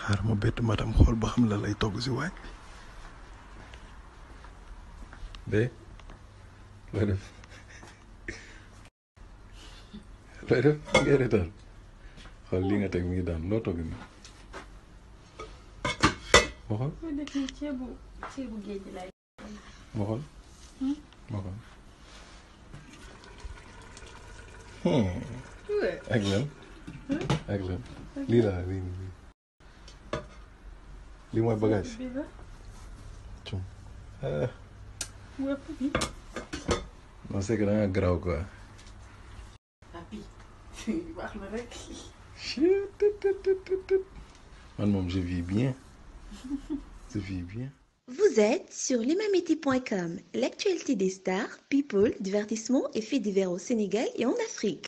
xaar ma bett matam xool ba xam la lay togg si waañ bi bé looy def looy def ngay retaan xool li nga teg mi ngi daan loo togg nii waxoon ceebu ceebu géej lay waxoon waxoon hmm? hmm. ak lan hmm? ak lan lii laa lii nii lii mooy bagage euh. papi. non c'est que da nga garaaw quoi man non, je vis bien je vis bien vous êtes sur l'imamiti.com, l'actualité des stars, people, divertissement et faits divers au Sénégal et en Afrique.